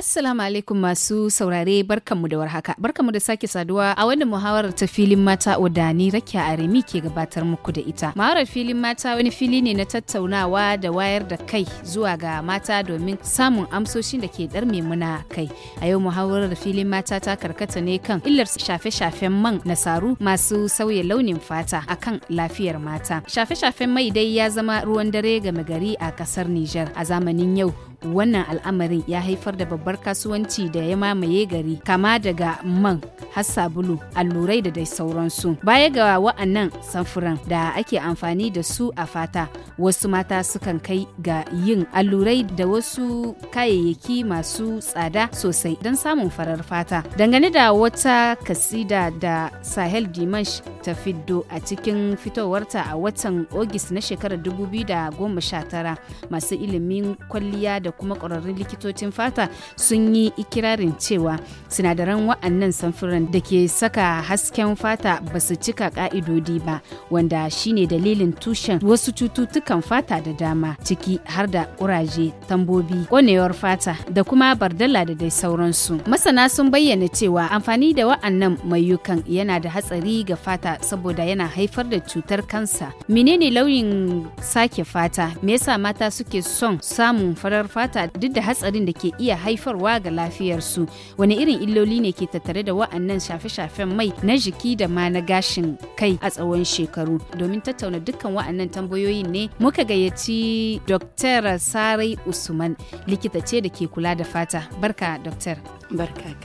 Assalamu alaikum masu saurare barkanmu da warhaka. Barkanmu da sake saduwa a wannan muhawarar ta filin mata wadda rakia Rakiya Aremi ke gabatar muku da ita. Muhawarar filin mata wani fili ne na tattaunawa da wayar da kai zuwa ga mata domin samun amsoshin da ke darme muna kai. A yau muhawarar filin mata ta karkata ne kan illar shafe-shafen man nasaru masu sauya launin fata akan lafiyar mata. Shafe-shafen mai dai ya zama ruwan dare gama gari a kasar Nijar a zamanin yau. wannan al'amarin ya haifar da babbar kasuwanci da ya mamaye gari kama daga man har sabulu allurai da dai sauransu baya ga wa'annan samfuran da ake amfani da su a fata wasu mata sukan kai ga yin allurai da wasu kayayyaki masu tsada sosai don samun farar fata dangane da wata kasida da sahel dimash ta fiddo a cikin fitowarta a watan ogis na shekarar 2019 masu ilimin kwalliya da da kuma ƙwararrun likitocin fata sun yi ikirarin cewa sinadaran wa'annan samfuran da ke saka hasken fata ba su cika ƙa'idodi ba wanda shine dalilin tushen wasu cututtukan fata da dama ciki har da ƙuraje tambobi ƙonewar fata da kuma bardala da dai sauransu masana sun bayyana cewa amfani da wa'annan mayukan yana da hatsari ga fata saboda yana haifar da cutar kansa menene lauyin sake fata me yasa mata suke son samun farar fata fata duk da hatsarin da ke iya haifarwa ga lafiyarsu wani irin illoli ne ke tattare da wa'annan shafe-shafen mai na jiki da ma na gashin kai a tsawon shekaru domin tattauna dukkan wa'annan tambayoyin ne muka gayyaci dr sarai usman likita ce da ke kula da fata barka dr barka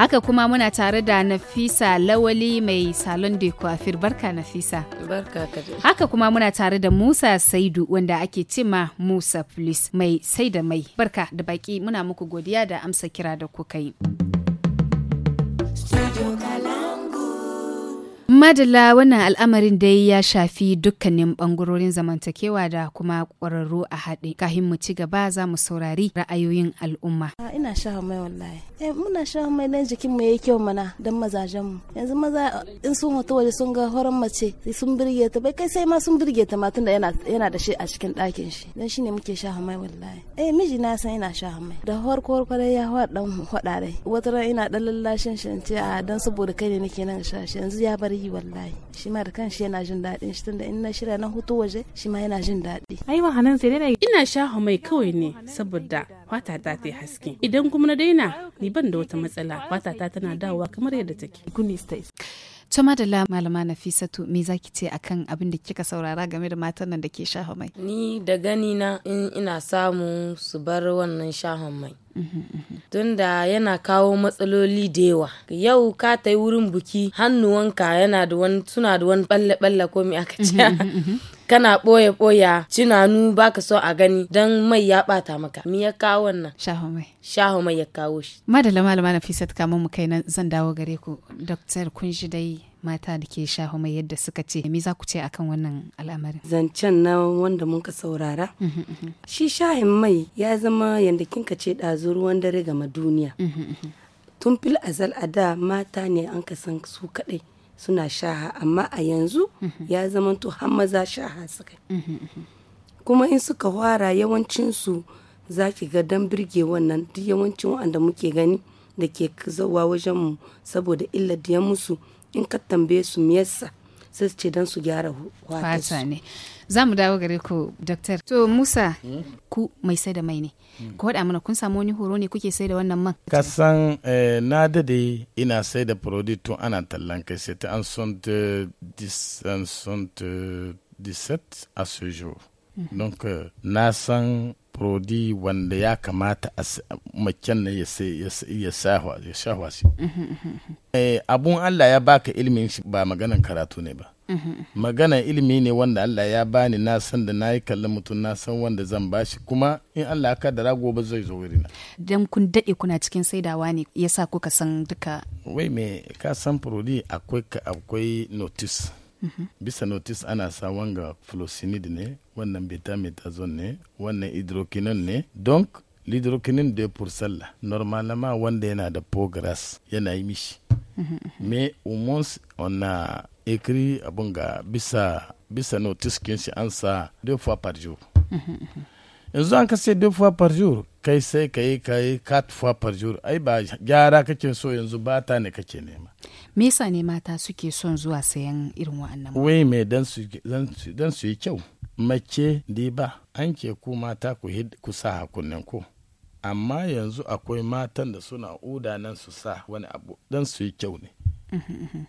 haka kuma muna tare da nafisa lawali mai salon de coiffure barka nafisa barka haka kuma muna tare da musa saidu wanda ake cima musa plus mai saida mai. Barka da baki muna muku godiya da amsa kira da kuka yi. Madalla wannan al'amarin dai ya shafi dukkanin bangarorin zamantakewa da kuma kwararru a haɗe. Kahin mu ci gaba za mu saurari ra'ayoyin al'umma. Ah, ina sha mai wallahi. Eh muna sha mai dan jikin mu yayi kyau mana dan mazajen mu. Yanzu maza in sun hoto waje sun ga horon mace sun birge ta bai kai sai ma sun birge ta ma tunda yana yana da shi a cikin ɗakin shi. Dan shine muke sha mai wallahi. Eh miji na san ina sha mai. Da farko farko ya hawa dan hoda dai. Wata ran ina dan lallashin shi ce a ah, dan saboda kai ne nake nan sha yanzu ya bari wallahi shi ma da kanshi yana jin daɗin shi tunda in na shirya na hutu waje shi ma yana jin daɗi ai hanan sai dai ina shaho mai kawai ne saboda fata ta ta haske idan kuma na daina ni ban da wata matsala fata ta tana dawowa kamar yadda take To madalla malama Nafisatu me zaki ce akan abin da kika saurara game da matan nan da ke shaha mai? Ni da gani na in ina samu su bar wannan shahan mai. Mhm, mhm. Tunda yana kawo matsaloli da yawa. Yau ka ta wurin buki hannuwanka yana da wani suna da wani balle-balle ko me aka ce. Mhm, kana ɓoye ɓoya cinanu baka so a gani dan mai ya ɓata maka me ya kawo wannan shaho mai shaho mai ya kawo shi madalla malama nafisat kamun mu kai nan zan dawo gare ku doktor kun shi dai mata da ke sha mai yadda suka ce me za ku ce akan wannan al'amarin zancen na wanda muka saurara mhm, mhm. shi shahin mai ya zama yadda kinka ce ɗazu ruwan dare gama duniya mhm, tun fil azal a da mata ne an ka san su kaɗai suna shaha amma a yanzu ya zamanto har maza shaha suka kuma in suka fara yawancinsu za ki ga dan birge wannan duk yawancin wanda muke gani da ke zauwa wajenmu saboda illa da ya musu in ka tambaye su yasa. sai su ce don su gyara fata ne za mu dawo gare ku doktor to musa hmm? ku mai sai da mai ne hmm. ku haɗa mana kun samu wani horo ne kuke sai da wannan man kasan eh, na dade ina sai da produit tun ana tallan kai sai ta an son 17 à ce jour. Hmm. Donc, euh, na san. prodi wanda ya kamata a macen na ya sha wasi. Eh, abun allah ya baka ilimin shi ba maganan karatu ne ba magana ilimi ne wanda Allah ya bani na san da na yi kallon mutum na san wanda zan bashi kuma in Allah ka da ba zai zo wuri na Dan kun daɗe kuna cikin saidawa ne yasa kuka san duka. Wai me ka san furodi akwai akwai notice. bisa notis ana sa wanga flosinid ne wannan betamethasone ne wannan hydroquinone ne donc l'hydroquinone de pour celle normalement wanda yana da pogras grasse yana yi mishi mais au moins on a écrit abun ga bisa bisa notice kin shi an sa deux fois par jour yanzu an kasance deux fois par jour kai sai ka yi ka yi quatre fois par jour ai ba gyara kake so yanzu ba ta ne kake nema me yasa ne mata suke son zuwa sayan irin wa'annan wai mai don su yi kyau mace ba an ke ku mata ku sa hakunan ku amma yanzu akwai matan da suna uda nan su sa wani abu don su yi kyau ne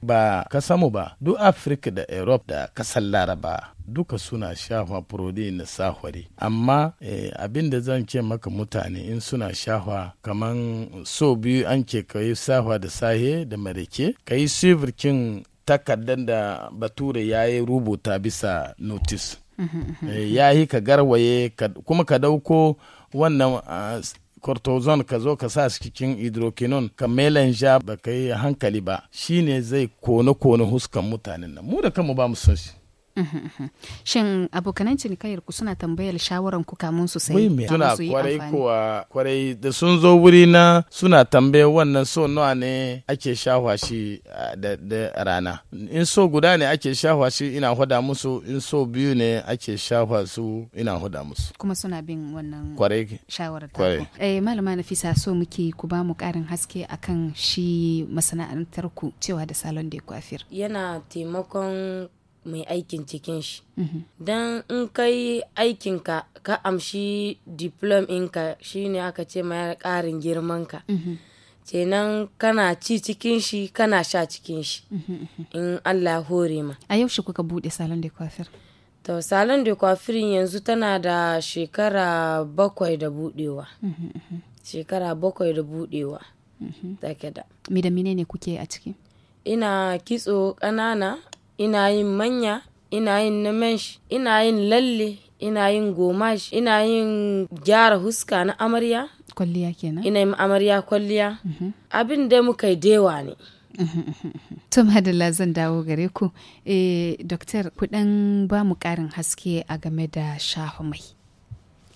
ba mu ba duk afirka da europe da kasar laraba duka suna shafa protein na sahwari amma eh, abin da zan ce maka mutane in suna shafa kaman so biyu an ce ka yi sahwa da sahe da marike ka yi sifirkin takardar da bature ya yi rubuta bisa notice mhm, mhm. Eh, ya yi ka garwaye kuma ka dauko wannan ah, cortozon ka zo ka sa cikin hydroquinone ka melanja ba ka yi hankali ba shine zai kone kone huskan mutanen nan mu da kanmu ba mu son shi Shin abokanan cinikayyar ku suna tambayar shawaran ku kamun su sai suna kwarai kuwa kwarai da sun zo wuri na suna tambayar wannan so nawa ne ake shahwa shi da rana. In so guda ne ake shahwa shi ina hoda musu in so biyu ne ake shahwa su ina hoda musu. Kuma suna bin wannan shawarar ta. ku. Eh, malama Nafisa so muke ku ba mu karin haske akan shi masana'antar ku cewa da salon da ya kwafir. Yana taimakon mai aikin cikin shi mhm. don in kai aikinka ka amshi diplom ɗinka shine aka ce ma ƙarin girmanka mhm. kenan kana ci cikin shi kana sha cikin shi mhm, in allah hore ma a yaushe kuka buɗe salon da kwafir to salon da kwafir yanzu tana da shekara bakwai da buɗewa shekara bakwai da buɗewa take da me da ne kuke a ciki ina kitso ƙanana ina yin manya, ina yin na ina yin lalle, ina yin gomash, ina yin gyara huska na amarya. Kwalliya kenan? Ina yin amarya kwalliya. Mhm. Abin da muka yi dewa ne. Tun Hadala zan dawo gare ku. Eh, Doktor, ba mu ƙarin haske a game da shahu mai.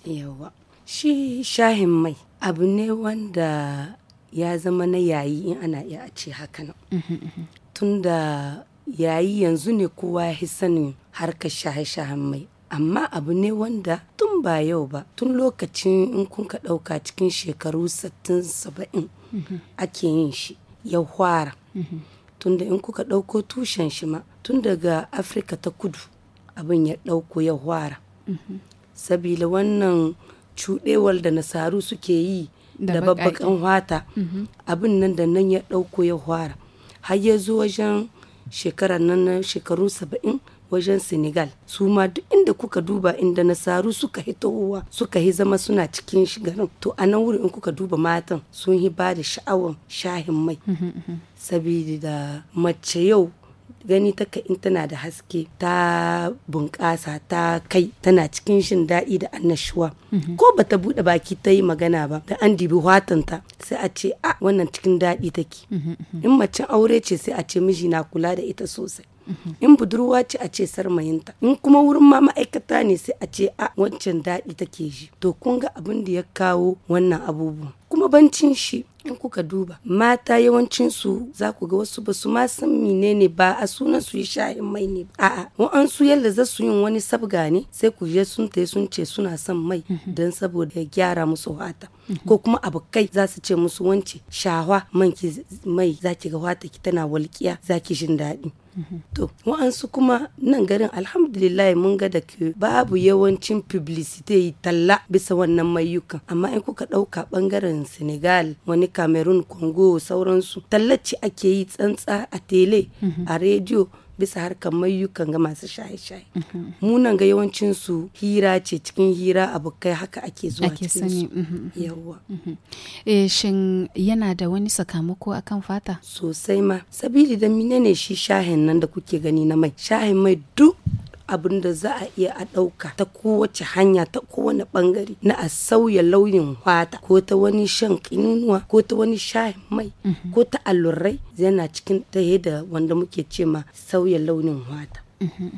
Yawa. Shi shahin mai abu ne wanda ya zama na yayi ana iya a ce haka nan. Mhm, mhm. Tunda yayi yanzu ne kowa ya sanin harkar shahe-shahen mai amma abu ne wanda tun ba yau ba tun lokacin in kun ka ɗauka cikin shekaru 60-70 ake yin shi ya hwara da in kuka ɗauko tushen shi ma tun daga afirka ta kudu abin ya ɗauko ya hwara sabila wannan cuɗewar da nasaru suke yi da babbakan hwata mhm. abin nan da nan ya ɗauko ya hwara har ya zo wajen shekarar nan na shekaru saba'in wajen senegal su ma duk inda kuka duba inda nasaru suka yi tahowa suka yi zama suna cikin shigarin. to a nan wurin in kuka duba matan sun yi ba da sha'awan shahin mai mhm, mhm. sabida mace yau gani taka in tana da haske ta bunƙasa ta kai tana cikin shin daɗi da annashuwa mhm. ko bata buɗe baki ta yi magana ba da an dibi watanta sai a ce a ah, wannan cikin daɗi take mhm, mhm. in mace aure ce sai a ce miji na kula da ita sosai in budurwa ce a ce sarmayinta in kuma wurin ma ma'aikata ne sai a ce a ah, wancan daɗi take ji. to kun ga abin da ya kawo wannan abubuwan kuma bancin shi in kuka duba mata yawancin su za ku ga wasu ba su ma san menene ba a sunan su yi shayin mai ne a'a wa'ansu yadda za su yin wani sabga ne sai ku je sun tai sun ce suna son mai mhm. don saboda ya gyara musu wata mhm. ko kuma abu kai za su ce musu wance shawa man ki mai zaki ga wata ki tana walƙiya za ki jin daɗi To, wa'ansu kuma nan garin alhamdulillah mun ga da ke babu yawancin publicity talla bisa wannan mayukan. Amma in kuka ɗauka ɓangaren Senegal, wani Cameroon, Congo sauransu, tallaci ake yi tsantsa a tele, a rediyo. bisa harkar mayukan ga masu shaye-shaye mhm. munan ga yawancin su hira ce cikin hira abokai haka ake zuwa cikin su mhm, mhm. yawwa eh, shin yana da wani sakamako akan fata sosai ma sabili da menene shi shahin nan da kuke gani na mai shahin mai duk abin da za a iya a ɗauka ta kowace hanya ta kowane ɓangare na a sauya launin fata ko ta wani shan kinunuwa ko ta wani shahin mai mhm. ko ta allurai yana cikin ta da wanda muke ce ma sauya launin fata. Mhm, mhm.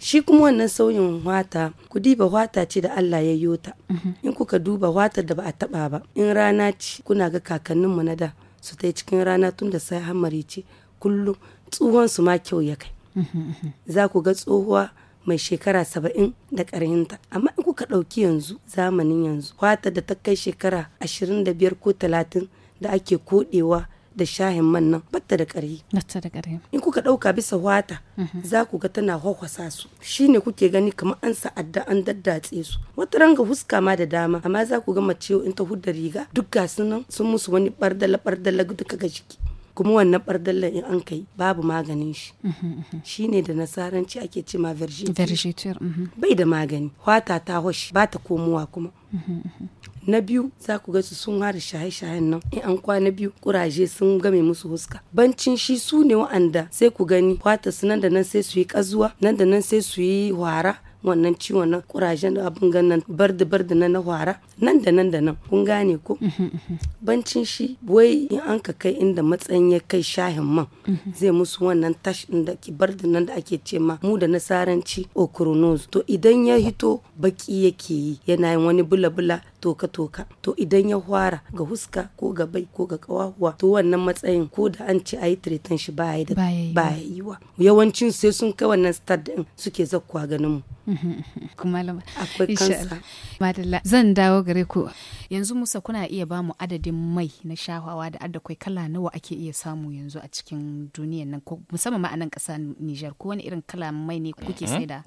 Shi kuma wannan sauyin wata ku diba wata ce da Allah ya yi ta. In kuka duba wata da ba a taba ba, in rana ce kuna ga kakanninmu na da su ta cikin rana tun da sai hamari ce kullum tsohon su ma kyau ya kai. Za ku ga tsohuwa mai shekara saba'in da ta amma in kuka ɗauki yanzu zamanin yanzu wata da ta kai shekara ashirin da biyar ko talatin da ake koɗewa da shahin man nan batta da ƙarhi in kuka ɗauka bisa wata mhm. za ku ga tana hwakwasa su Shi ne kuke gani kamar an sa'adda an daddatse su wata ranga huska ma da dama amma za ku ga mace in ta hudda riga duk ga sunan sun musu wani ɓardala ɓardala duka ga jiki kuma wannan bardallan in an kai babu maganin shi mhm, mhm. Shi ne da nasaranci ake ce ma verjitur mhm. bai da magani hwata ta hoshi ba ta komowa kuma na biyu za ku ga su sun hada shaye-shayen nan in an kwana biyu kuraje sun game musu huska bancin shi su ne wa'anda sai ku gani hwata su nan da nan sai su yi kazuwa nan da nan sai su yi hwara wannan ciwon nan kurajen da abin ganin bardi bardi na na hwara nan da nan da nan kun gane ko mhm, mhm, mhm. bancin shi wai in an ka kai inda matsayin ya kai shahin man zai musu wannan tash din da ki bardi nan da ake ce ma mu da nasaranci okronos to idan ya hito baki yake yi yana yin wani bula bula toka-toka to idan ya hwara ga huska ko ga bai ko ga kawahuwa to wannan matsayin ko da an ce ayi tretan shi baya da baya wa yawancin sai sun kai wannan stad din suke zakkuwa ganin mu kuma akwai kansa madalla zan dawo gare ku yanzu musa kuna iya ba mu adadin mai na shahawa da adda kai kala nawa ake iya samu yanzu a cikin duniyan nan musamman ma a nan Nijar ko wani irin kala mai ne kuke mm-hmm. saida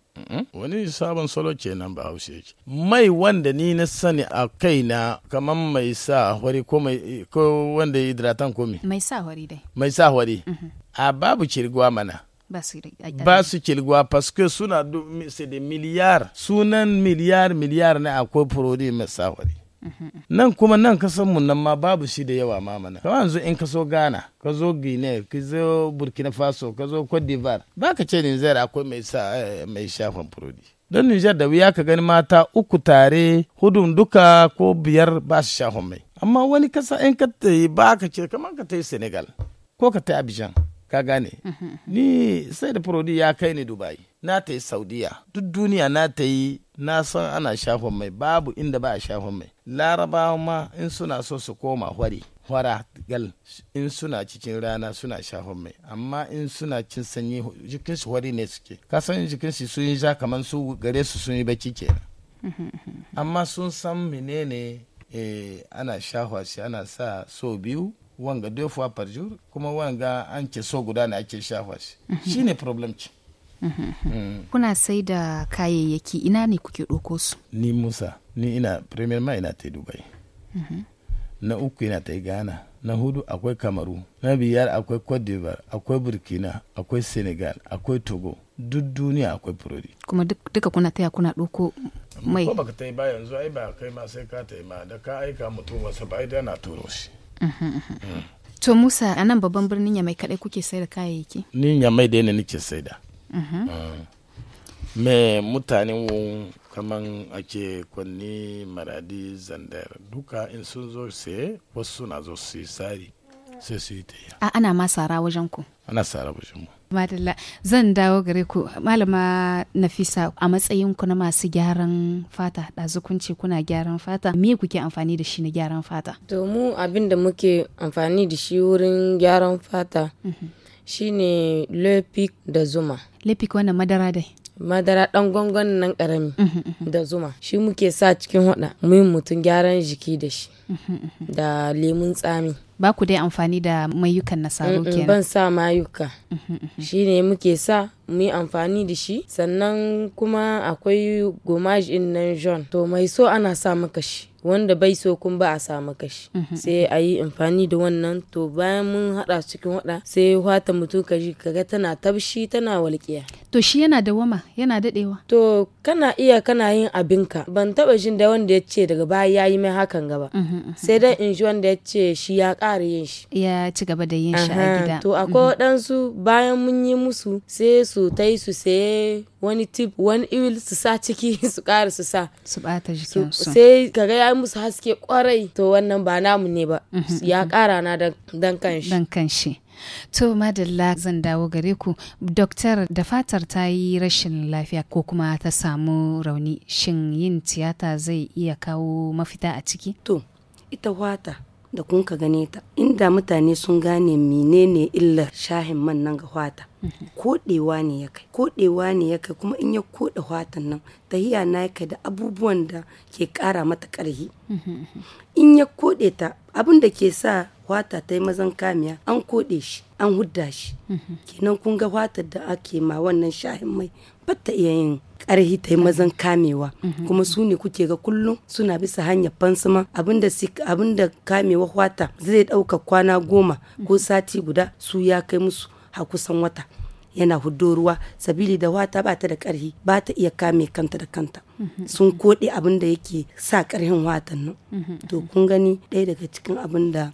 wani sabon solo ce nan ba haushe yake mai wanda ni na sani a kaina kamar mai sa hori ko ko wanda ya hidratan komi mai sa hori dai mai sa hori mm-hmm. a babu kirgwa mana ba su kilgwa paske suna da miliyar sunan miliyar miliyar ne akwai prodi mai sa hori nan kuma nan kasan mu nan ma babu shi da yawa ma mana kamar yanzu in ka so Ghana ka zo Guinea ka zo Burkina Faso ka zo Cote d'Ivoire ba ka ce Niger akwai mai sa eh, mai shafan furodi don Nijar da wuya ka gani mata uku tare hudun duka ko biyar ba su shafan mai amma wani kasa in ka tayi ba ka ce kamar ka tayi Senegal ko ka tayi Abidjan ka gane mm-hmm. ni sai da furodi ya kai ni Dubai na ta yi saudiya duk duniya na ta yi na san ana shafa mai babu inda ba a shafa mai larabawa ma in suna so su koma hwari hwara gal in suna cikin rana suna shafa mai amma in suna cin sanyi jikin su hwari ne suke kasan jikin su sun yi ja kamar su gare su sun yi baki kenan amma sun san menene eh, ana shafa shi ana sa so biyu wanga deux fois par kuma wanga an ke so guda ne ake shafa shi mhm. shine problem ce Mm. kuna sai da kayayyaki ina ne kuke ɗauko su ni musa ni ina premier ma ina ta dubai mm-hmm. na uku ina ta ghana na hudu akwai kamaru na biyar akwai cote d'ivoire akwai burkina akwai senegal akwai togo duk duniya akwai furodi kuma duka kuna taya kuna ɗauko mai ko baka tai ba yanzu ai ba kai ma sai ka tai ma da ka aika mutum wasa ba idan na turo shi mm-hmm. mm. to musa a nan babban birnin yamai kadai kuke sai da kayayyaki ni yamai da ne nake sai da Mm-hmm. Eh, me mutane wun kaman ake kwanni maradi zandar duka in sun zo se wasu suna zo su yi sari sai su yi taya a ana ma sara wajen ku ana sara wajen mu madalla zan dawo gare ku malama nafisa a matsayin ku na masu gyaran fata ɗazukunci kuna gyaran fata me kuke amfani da shi na gyaran fata domin abin da muke amfani da shi wurin gyaran fata mm -hmm. shine lepic da zuma lepic wannan madara dai madara dan gongon nan karami mhm, mhm, mhm. da zuma shi muke sa cikin hoda muyin mutum gyaran jiki da shi da lemun tsami ba ku dai amfani da mayukan na saro kenan ban sa mayuka shi ne muke sa muyi amfani da shi sannan kuma akwai gomaji nan john to mai so ana sa maka shi wanda bai so kun ba a samu kashi mhm. sai a yi amfani da wannan to bayan mun hada cikin wada sai wata mutum kaji kaga tana tabshi tana walƙiya to shi yana da wama yana dadewa to kana iya kana yin abinka ban taba jin da wanda ya ce daga baya yayi mai hakan gaba mhm, mhm, sai dai in ji wanda ya ce shi ya ƙara yin shi ya ci gaba da yin shi a gida to akwai waɗansu bayan mun yi musu sai su tai su sai. wani tip wani iwil su sa ciki su ƙara su sa su bata jikinsu sai ka ga ya musu haske kwarai to wannan ba namu ne ba mhm, mhm. ya ƙara na dan kanshi dan kanshi to madalla zan dawo gare ku doktor da fatar ta yi rashin lafiya ko kuma ta samu rauni shin yin tiyata zai iya kawo mafita a ciki to ita wata da kun ka gane ta inda mutane sun gane menene illar shahin man nan ga hwata kodewa ne ya kai kodewa ne ya kai kuma in ya koɗe hwatan nan tahiya na kai da abubuwan da ke kara mata karhi in ya koɗe ta abin da ke sa hwata ta yi mazan kamiya an koɗe shi an hudda shi kenan kun ga fatar da ake ma wannan shahin mai batta iya yin karhi ta mazan kamewa kuma su ne kuke ga kullum suna bisa hanyar fansuma abinda abinda kamewa wata zai ɗauka kwana goma ko sati guda su ya kai musu ha kusan wata yana huddo ruwa sabili da wata ba ta da karhi ba ta iya kame kanta da kanta sun koɗi abin da yake sa karhin watan nan to kun gani daya daga cikin abin da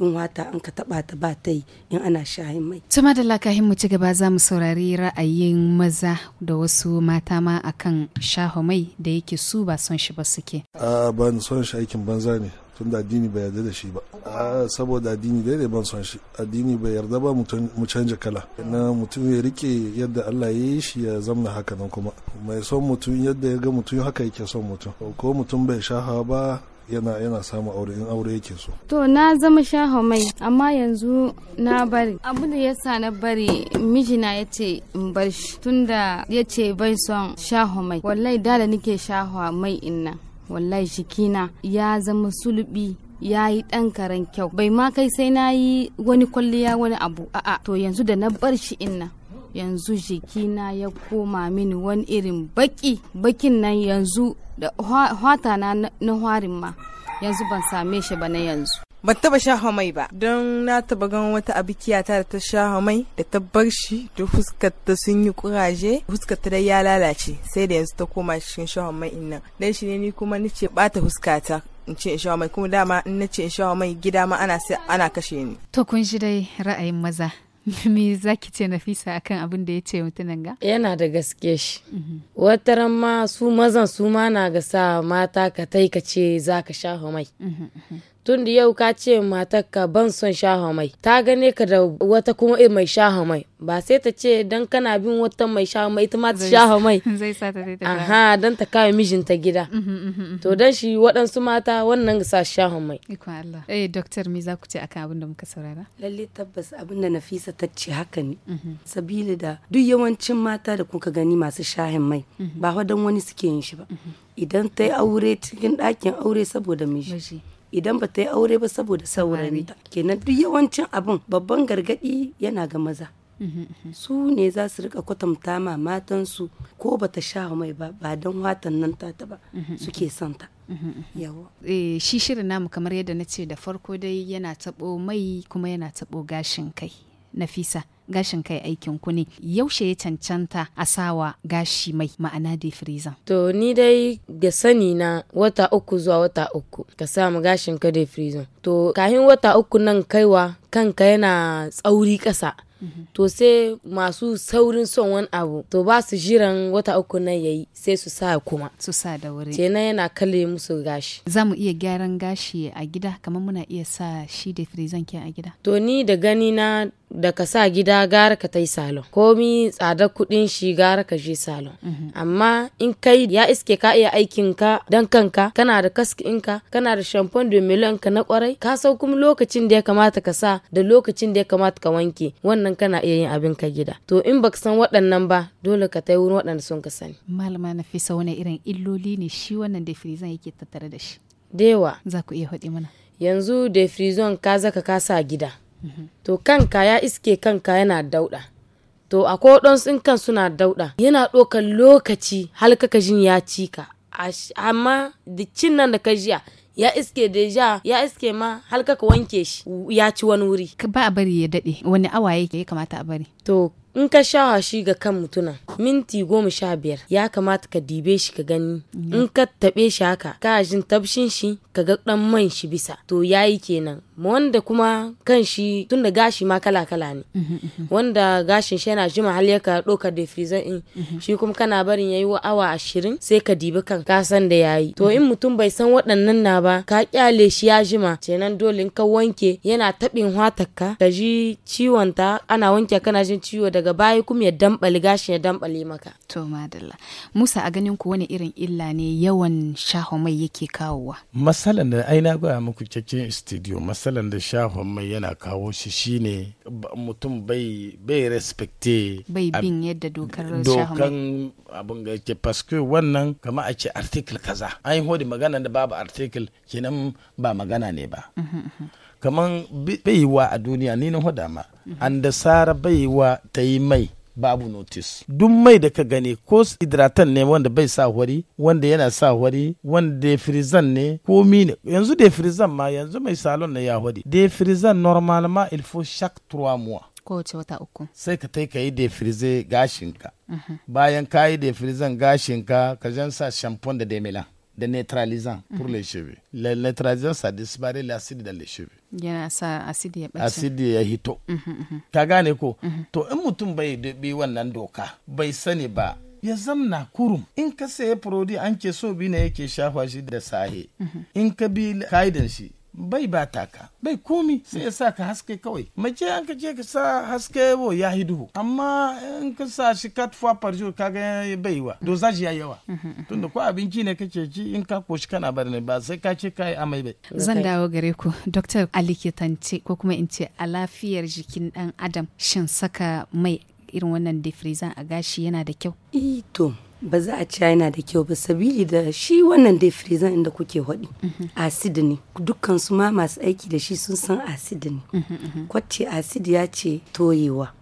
in wata an ka taba ta ba ta yi in ana shayin mai. Tuma da lakahin mu ci gaba za mu saurari ra'ayin maza da wasu mata ma akan shaho mai da yake su ba son shi ba suke. A ba ni son shi aikin banza ne tun da addini bai yarda da shi ba. A saboda addini dai ban son shi addini bai yarda ba mu canja kala. Na mutum ya rike yadda Allah ya yi shi ya zamna haka nan kuma. Mai son mutum yadda ya ga mutum haka yake son mutum. Ko mutum bai shaha ba yana yana samun aure in aure yake so to na zama shaho mai amma yanzu na bari abu da yasa na bari mijina ya ce in bar shi tunda ya ce bai son shaho mai wallahi da da nake shaho mai inna wallahi shikina ya zama sulubi ya yi ɗan karen kyau bai ma kai sai na yi wani kwalliya wani abu a'a to yanzu da na bar shi inna yanzu jikina ya koma mini wani irin baki bakin nan yanzu da hwata na na hwarin ma yanzu ban same shi ba na yanzu ban taba sha mai ba don na taba gan wata abikiyata da ta sha mai da ta bar shi da fuskar ta sun yi kuraje fuskar ta dai ya lalace sai da yanzu ta koma cikin shafa mai nan dan shi ne ni kuma ni ce bata fuskata in ce in mai kuma dama in na ce in mai gida ma ana sai ana kashe ni to kun shi dai ra'ayin maza me za ki ce nafisa akan abin da ya ce mutunan ga yana da gaske shi mhm. wataran ma su mazan su ma na ga sa mata ka tai ka ce za ka sha mai mhm, mhm. tun da yau ka ce matarka ban son shaha mai ta gane ka da wata kuma mai shaha mai ba sai ta ce dan kana bin wata mai shaha mai ita ma ta shaha mai aha dan ta kawo mijinta gida mhm, mhm, mhm, to dan shi waɗansu mata wannan sa shaha mai iko Allah eh doctor me za ku ce akan abin da muka saurara lalle tabbas abin da Nafisa ta ce haka ne sabili da duk yawancin mata da kuka gani masu shahin mai ba wadan wani suke yin shi ba idan ta yi aure cikin ɗakin aure saboda miji idan ba ta yi aure ba saboda saurayinta kenan duk yawancin abin babban gargadi yana ga maza mm-hmm, mm-hmm. su ne za su rika kwatanta ma matansu ko ba ta sha mai ba ba don watan nan ta ba mm-hmm, suke santa yawa eh, shi shirin namu kamar yadda na ce da farko dai yana taɓo mai kuma yana taɓo gashin kai Nafisa gashin kai aikin ku ne yaushe ya cancanta a sawa gashi mai ma'ana de frizan. To ni dai ga sani na wata uku zuwa wata uku ka samu gashin ka da frizan. To kahin wata uku nan kaiwa kanka yana tsauri ƙasa to sai masu saurin son wani abu to ba su jiran wata uku ya yayi sai su sa kuma su sa da wuri kenan yana kalle musu gashi za mu iya gyaran gashi a gida kamar muna iya sa shi da frizan ke a gida to ni da gani na da ka sa gida gara ka tai salon komi tsada kudin shi gara ka je salon mhm. amma in kai ya iske ka iya aikin ka dan kanka kana da kask kana da shamfon domin ka na kwarai ka sau kuma lokacin da ya kamata ka sa da lokacin da ya kamata ka wanke wannan nan kana iya yin abin ka gida to in baka san waɗannan ba dole ka tai wurin waɗanda sun ka sani malama na fi wani irin illoli ne shi wannan da frizan yake tattare da shi dewa za ku iya faɗi mana yanzu da frizon ka zaka kasa gida mhm. to kan to ya iske kanka yana dauɗa to ko waɗansu in kan suna dauɗa yana ɗaukar lokaci har kaka jin ya cika amma da cin nan da ka jiya ya iske deja ya iske ma halka ka wanke shi ya ci wani wuri ba a bari ya daɗe wani awa yake ya kamata a bari to in ka shawa shi ga kan mutuna minti goma sha biyar ya kamata ka dibe shi ka gani mhm. in ka taɓe shi haka ka jin tabshin shi ka ga ɗan man shi bisa to yayi kenan wanda kuma kan shi tun da gashi ma kala-kala ne mhm, mhm, mhm. wanda gashin shi yana jima hal ka ɗauka da freezer in shi kuma kana barin yayi awa ashirin sai ka dibi kan ka san da yayi to in mutum bai san waɗannan na ba ka kyale shi ya jima kenan dole ka wanke yana taɓin watakka ka ji ciwon ta ana wanke kana jin ciwo daga baya kuma ya dambali gashin ya dambale maka to madalla musa a ganin ku wani irin illa ne yawan shaho mai yake kawowa masalan da ai na muku cikin studio matsalan da shafan mai yana kawo shi shine mutum bai bai respecte bai bin yadda dokar dokan abin ga yake paske wannan kama a ce article kaza an yi hodi magana da babu article kenan ba magana ne ba mhm, mhm. kaman bai wa a duniya ni na hoda ma mhm. an da sara bai wa ta yi mai babu notice duk mai da ka gani ko hidratan ne wanda bai sa hori wanda yana sa hori wanda frizan ne ko ne yanzu frizan ma yanzu mai salon na ya hori normal normalement il faut chaque trois mois k'o wace wata uku. Sai ka tai ka yi frize gashinka. Mhm. Bayan ka yi frizan gashinka ka jan sa shampoo da demilan da neutralizant pour mhm. les cheveux. Le neutralizant ça disparaît l'acide dans les cheveux. yana sa asidi ya ɓace asidi ya hito mm -hmm. ka gane ko mm -hmm. to in mutum bai bi wannan doka bai sani ba ya zamna kurum in ka saye furodi an ke so bi ne yake shafa shi da sahe mhm. in ka bi kaidan shi bai bata ka bai komi sai ya sa ka haske kawai mace an ka ce ka sa haske wo ya yi duhu amma in ka sa shi kat fa ka kaga bai wa dosage ya yawa mm-hmm, mm-hmm. tunda ko abinci ne kake ci in ka koshi kana bari ne ba sai ka ce kai amai bai zan dawo gare ku doctor a likitance ko kuma in ce a lafiyar jikin dan adam shin saka mai irin wannan defrizan a gashi yana da kyau eh to ba za a ci yana da kyau ba sabili da shi wannan dai frizan inda kuke hudu mhm. acid ne dukkan su ma masu aiki da shi sun san acid ne mhm, mhm. kwace acid ya ce toyewa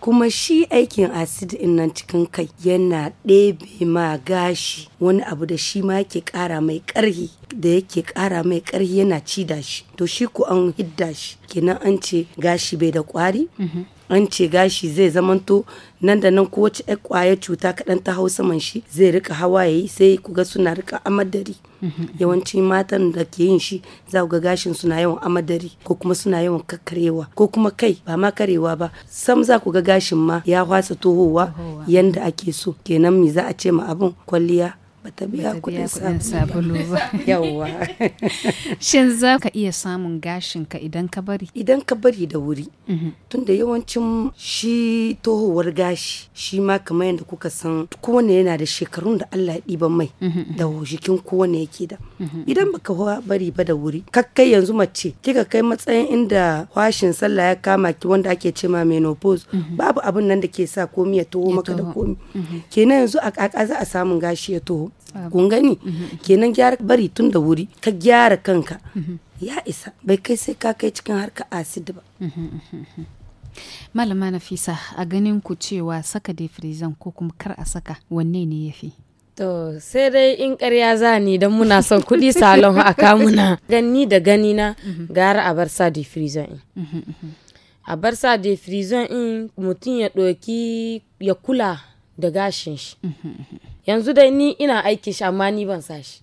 kuma shi aikin acid in nan cikin kai yana ɗebe ma gashi wani abu da shi ma yake ƙara mai ƙarhi da yake ƙara mai ƙarhi yana ci da shi to shi ku an hidda shi kenan an ce gashi bai da ƙwari an ce gashi zai zamanto nan da nan kowace ƴar kwaya cuta kaɗan ta hau saman shi zai rika hawa hawaye sai ku ga suna rika amadari mhm. yawanci matan da ke yin shi za ku ga gashin suna yawan amadari ko kuma suna yawan kakkarewa ko kuma kai ba ma karewa ba sam za ku ga gashin ma ya hwasa tohowa yanda ake so kenan mi za a ce ma abun kwalliya bata biya kudin sabulu ba yawwa shin za ka iya samun gashin idan ka bari idan ka bari da wuri mhm. tunda yawancin shi tohowar gashi shi ma kamar yadda kuka san kowane yana da shekarun da Allah ya ɗiban mai mhm. da jikin kowane yake da mhm. idan baka bari ba da wuri kakkai yanzu mace kika kai matsayin inda washin sallah ya kama ki wanda ake ce ma menopause babu abin nan da ke sa komi ya toho maka da komi kenan yanzu a kaka za a samun gashi ya toho kun gani mhm. kenan gyara bari tun da wuri ka gyara kanka mhm. ya isa bai kai sai ka kai cikin harka asid ba mhm, malama nafisa a ganin ku cewa saka defrizan ko kuma kar a saka wanne ne ya fi To sai dai in karya za ni don muna son kuɗi salon a kamuna. Dan ni da gani na gara a bar sa defrizon in. A bar sa defrizon in mutum ya ɗoki ya kula da gashin shi. yanzu dai ni ina aiki shi amma ni ban sa shi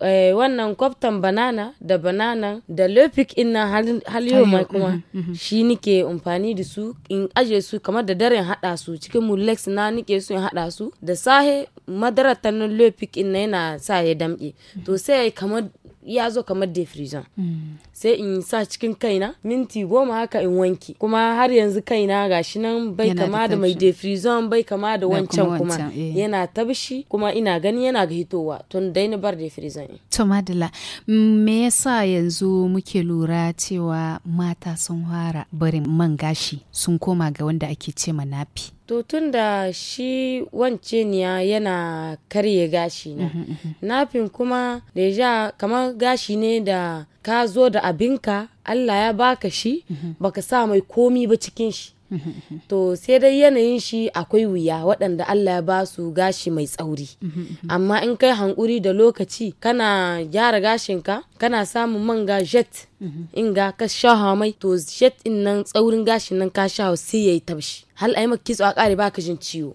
eh, wannan kwaftan banana da banana da lopik ina har mai kuma shi nike amfani da su in aje su kamar da daren hada su cikin mulex na nike su in hada su da sahe madarar tannin lopik ina yana sa ya damke to sai kamar ya zo kamar defrizon hmm. sai in sa cikin kaina minti goma haka in wanki kuma har yanzu kaina gashi nan bai kama da mai defrizon bai kama da wancan kuma eh. yana tabshi kuma ina gani yana ga hitowa tun dai ni bar defrizon to madala mm, me yasa yanzu muke lura cewa mata sun fara barin man gashi sun koma ga wanda ake ce nafi to tun da shi wance niya yana karye gashi na uhm, uhm, uhm. nafin kuma deja kamar gashi ne da ka zo da abinka allah ya baka shi baka sa mai komi ba cikin shi to sai dai yanayin shi akwai wuya waɗanda Allah ya ba su gashi mai tsauri amma in kai hankuri da lokaci kana gyara gashinka kana samun manga jet in ga ka sha mai to jet in nan tsaurin gashin nan ka sha sai yayi tabshi hal ai maka kitso a kare baka jin ciwo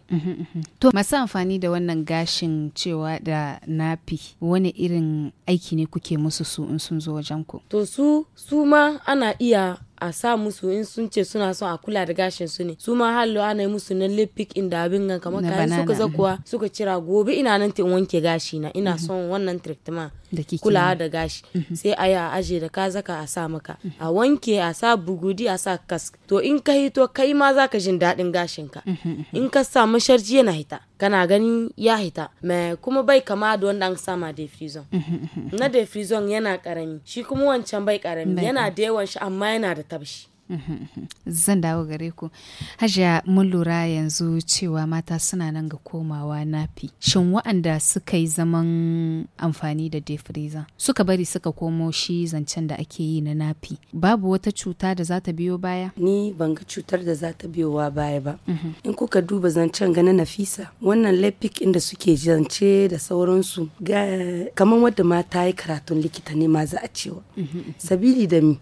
to masu amfani da wannan gashin cewa da nafi wani irin aiki ne kuke musu su in sun zo wajen ku to su su ma ana iya a sa musu in sun ce suna son a kula da gashin su ne su ma ana yi musu na lipik inda abin nan kamar kayan suka zakuwa suka cira gobe ina nan ta wanke gashi na ina mhm. son wannan treatment kula da gashi mhm. sai a ya aje da ka zaka a sa maka mhm. a wanke a sa bugudi a sa kask to in ka hito kai ma zaka jin daɗin ka in ka sa masharji yana hita kana gani ya hita me kuma bai kama da wanda an sama defrizon na defrizon yana karami shi kuma wancan bai karami yana da yawan shi amma yana da tabshi zan dawo gare ku hajiya mun lura yanzu cewa mata suna nan ga komawa nafi shin wa'anda suka yi zaman amfani da defriza suka bari suka komo shi zancen da ake yi na nafi babu wata cuta da za ta biyo baya ni ban ga cutar da za ta biyowa baya ba mhm. in kuka duba zancen ga na nafisa wannan lefik inda suke zance da sauransu kamar wadda mata yi karatun likita ne ma za a cewa mhm. sabili da mi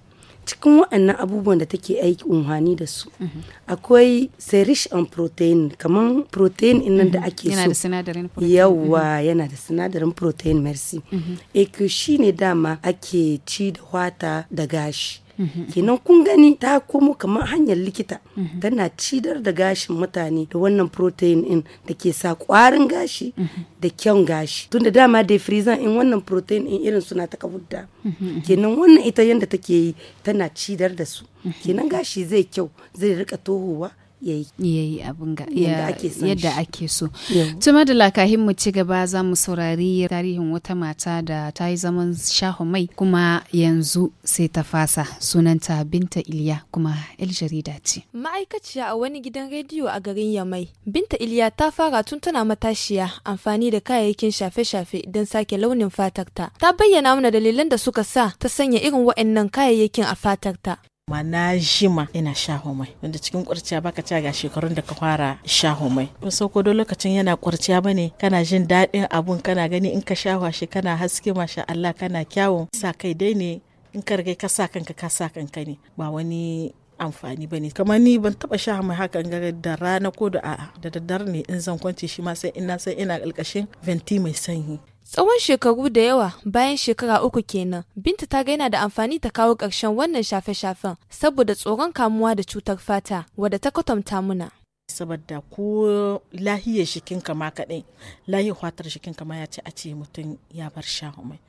cikin waɗannan abubuwan da take aiki unhani da su mhm. akwai serish rich on protein kamar protein in da mhm. ake so yana da sinadarin yawa mhm. yana da sinadarin protein merci shi ne dama ake ci da wata da gashi Mhm. kenan kun gani ta komo kamar hanyar likita mhm. tana cidar da gashin mutane da wannan protein in da ke sa kwarin gashi mhm. da kyan gashi tun da dama da frizan in wannan protein in irin suna ta kabudda kenan wannan ita yadda take yi tana cidar da su kenan gashi zai kyau zai rika tohowa ya abin ga yadda ake so. Tuma da lakahin mu ci gaba za mu saurari tarihin wata mata da ta yi zaman shahu mai kuma yanzu sai ta fasa sunanta Binta Iliya kuma 'yar jarida ce. Ma'aikaciya a wani gidan rediyo a garin Yamai. Binta Iliya ta fara tun tana matashiya amfani da kayayyakin shafe-shafe don sake launin fatarta. Ta bayyana mana dalilan da suka sa ta sanya irin waɗannan kayayyakin a fatarta. ma na jima ina sha homai wanda cikin kurciya baka ci ga shekarun da ka fara sha homai in sauko lokacin yana kurciya bane kana jin daɗin abun kana gani in ka sha washe kana haske masha Allah kana kyawun sa kai dai ne in ka rage ka sa kanka ka sa kanka ne ba wani amfani ba ne kamar ni ban taba sha mai hakan ga da rana ko da a'a da daddare ne in zan kwance shi ma sai ina sai ina ƙalƙashin venti mai sanyi Tsawon shekaru da yawa bayan shekara uku kenan, Binta ta ga yana da amfani ta kawo karshen wannan shafe-shafen saboda tsoron kamuwa da cutar fata wadda ta kwatanta muna. saboda ko lahiyar shikin kama kaɗai lahiyar fatar shikin kama ya ce a ce mutum ya bar shahumai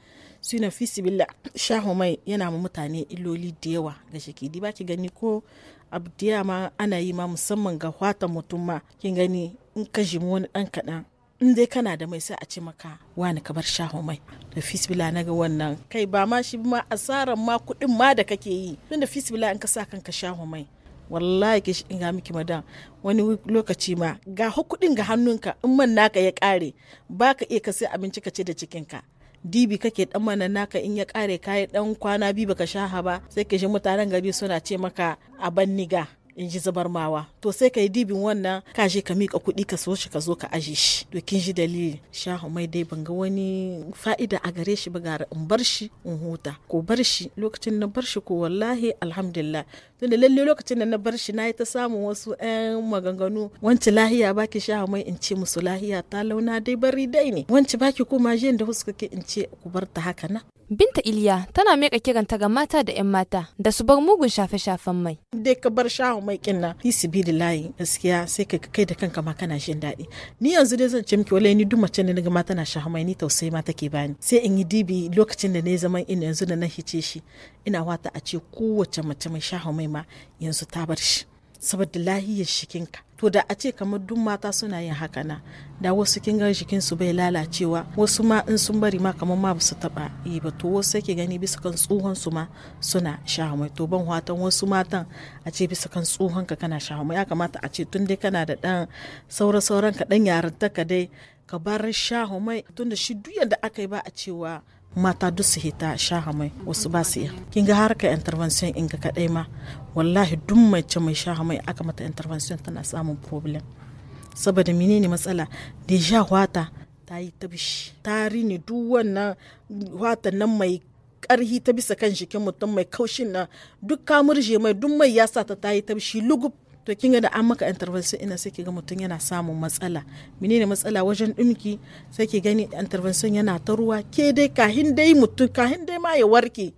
suna fisibila shahumai yana ma mutane iloli da yawa ga shiki di ba ki gani ko abu ma ana yi ma musamman ga fatan mutum ma kin gani in ka wani ɗan kaɗan in dai kana da mai sai a ce maka wani ka bar shaho mai da fisbila na ga wannan kai ba ma shi ma asaran ma kuɗin ma da kake yi tun da fisbila in ka sa kanka shaho mai wallahi ke in ga miki madan wani lokaci ma ga kuɗin ga hannunka in man naka ya kare ba ka iya ka abinci ka ce da cikinka dibi kake dan mana naka in ya kare kayi dan kwana biyu baka shaha ba sai ke shi mutanen gari suna ce maka a banniga in ji zabarmawa to sai ka yi dibin wannan ka je ka miƙa kuɗi ka so shi ka zo ka aje shi to kin ji dalili shahu mai dai ban wani fa'ida a gare shi ba gara in bar shi in huta ko bar shi lokacin na bar shi ko wallahi alhamdulillah tunda lalle lokacin da na bar shi na yi ta samun wasu 'yan maganganu wanci lahiya baki shahu mai in ce musu lahiya ta launa dai bari dai ne wanci baki koma jiyan da wasu kake in ce ku bar ta haka na Binta Iliya tana meka kiranta ga mata da 'yan mata da su bar mugun shafe-shafen mai. Dai ka bar shahu mai kin na fi layi gaskiya sai ka kai da kanka ma kana jin daɗi ni yanzu dai zan ce miki wallahi ni duk mace ne naga ma tana shahamai ni tausayi ma take bani sai in yi dibi lokacin da ne zaman ina yanzu da na hice shi ina wata a ce kowace mace mai shahamai ma yanzu ta bar shi saboda lahiyar shikinka to da a ce kamar duk mata suna yin haka na da wasu kin gan jikin su bai lalacewa wasu ma in sun bari ma kamar ma su taba yi ba to wasu yake gani bisa kan tsohon su ma suna shahamai to ban watan wasu matan a ce bisa kan tsohon ka kana shahamai ya kamata a ce tun dai kana da dan sauran sauran ka dan ka dai ka bar shahamai tun da shi duk yadda aka yi ba a cewa mata duk su hita sha hamai wasu ba su yi kin ga harka intervention in ga kadai ma wallahi duk mace mai sha hamai aka mata intervention tana samun problem saboda menene matsala deja wata ta yi ta bishi ta rini duk wannan watan nan mai karhi ta bisa kan jikin mutum mai kaushin na duk kamurje mai duk mai yasa ta ta yi ta bishi lugub to kin ga da an maka intervention ina sai ki ga mutum yana samun matsala menene matsala wajen dumki sai ki gani intervention yana ta ruwa ke dai kahin dai mutum kahin dai ma ya warke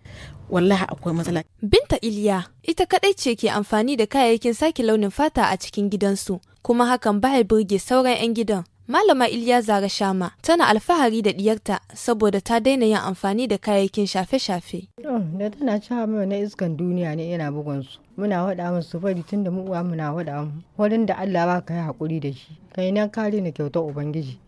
wallahi akwai matsala binta iliya ita kadai ce ke amfani da kayayyakin sake launin fata a cikin gidansu kuma hakan baya burge sauran 'yan gidan Malama Iliya Zara Shama tana alfahari da diyarta saboda ta daina yin amfani da kayayyakin shafe-shafe. Oh, da tana cewa mai na iskan duniya ne yana bugun su. Muna waɗa musu bari tun da mu'uwa muna waɗa mu. Wurin da Allah ba ka yi haƙuri da shi. ka yi na kare ni kyauta Ubangiji.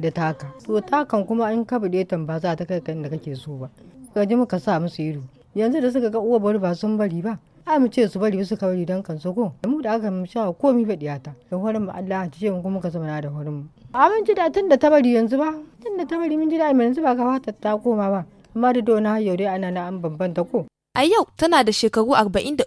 da taka. To takan kuma in da tan ba za ta kai kan da kake so ba. Ka ji muka sa musu ido. Yanzu da suka ga uwa bari ba sun bari ba. ai mu ce su bari su kawai don kan su ko mu da aka mu sha komai ba diyata da horin mu Allah ta ce mu kuma ka zama da horin mu amin ji da tun da ta bari yanzu ba tun da ta bari mun ji da yanzu ba ka fata ta koma ba amma da dona yau dai ana na an bambanta ko A yau tana da shekaru 43,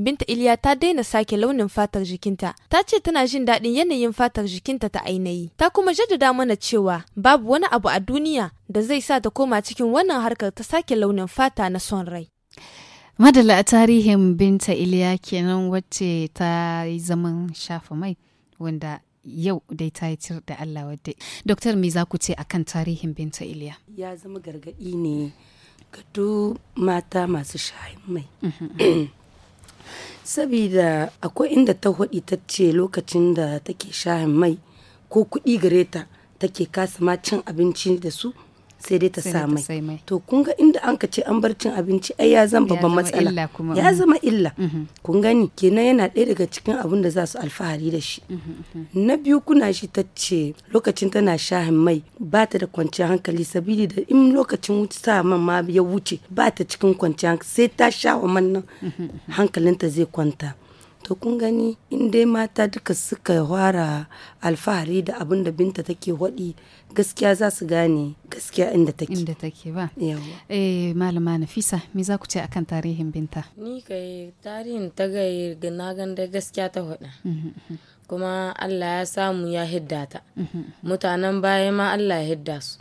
Binta Iliya ta daina sake launin fatar jikinta. Ta ce tana jin daɗin yanayin fatar jikinta ta ainihi. Ta kuma jaddada mana cewa babu wani abu a duniya da zai sa ta koma cikin wannan harkar ta sake launin fata na son rai. madala a tarihin binta iliya kenan wacce ta yi zaman shafa mai wanda yau dai ta yi cir da allah wadda doktor me za ku ce akan tarihin binta iliya ya zama gargaɗi ne ga duk mata masu shayin mai mm-hmm. sabida akwai inda ta haɗi ta ce lokacin da take shayin mai ko kuɗi gare ta take kasa ma cin abinci da su sai dai ta sa mai to kun ga inda an ka ce an bar cin abinci ai ya zama babban matsala ya zama illa mm-hmm. kun gani kenan yana ɗaya daga cikin abin da za su alfahari da shi mm-hmm, mm-hmm. na biyu kuna shi ta ce lokacin tana shahin mai ba ta da kwanciyar hankali sabili da in lokacin sa man ma ya wuce ba ta cikin kwanciyar hankali sai ta sha wa man hankalinta zai kwanta to kun gani in dai mata duka suka fara alfahari da abin da binta take waɗi gaskiya za su gane gaskiya inda take inda take ba eh malama nafisa me za ku ce akan tarihin binta ni kai tarihin ta ga na ganda gaskiya ta faɗa mhm, mhm. kuma Allah ya samu ya hidda ta mhm, mutanen baya ma Allah ya hidda su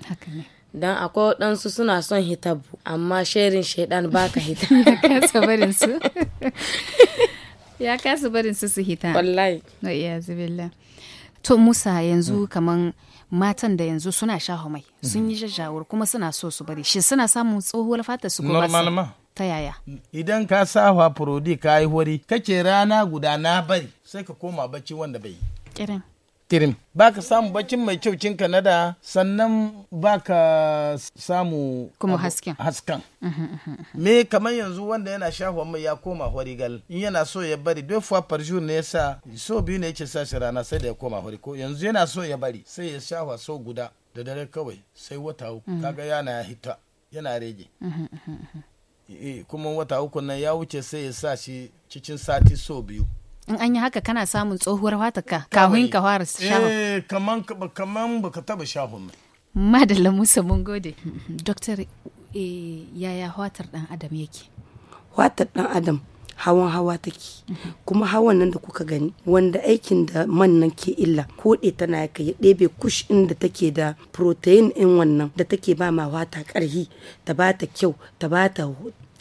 dan akwai waɗansu suna son hitabu amma sherin shaidan baka hita ka su ya kasu barin su su hita wallahi no iya to musa yanzu mm. kaman matan da yanzu suna shaho mai sun mm. yi shashawar kuma suna so su bari shi suna samun tsohuwar fata su kuma ta yaya idan ka sawa furodi ka yi hori kake rana guda na bari sai ka koma bacci wanda bai yi ba baka samu bakin mai kyau cin na da sannan baka samu kuma hasken mhm, mhm, mhm. me kamar yanzu wanda yana shafa mai ya koma horigal in yana so ya bari duk fois par jour ne yasa so biyu ne yake sa shi rana sai da ya koma hori ko yanzu yana so ya bari sai ya shahuwa so guda da dare kawai sai wata uku kaga yana ya hita yana rege eh, kuma wata uku nan ya wuce sai ya sa shi cikin sati so biyu in an yi haka kana samun tsohuwar fatarka kawun ka fara shahun eh kaman baka taba shahun madalla musa mun gode doctor eh, yaya fatar dan adam yake fatar dan adam hawan hawa take kuma hawan nan da kuka gani wanda aikin da man nan ke illa koɗe tana ya kai ɗebe kush in da take da protein in wannan da take ba ma wata ƙarhi ta ba ta kyau ta ba ta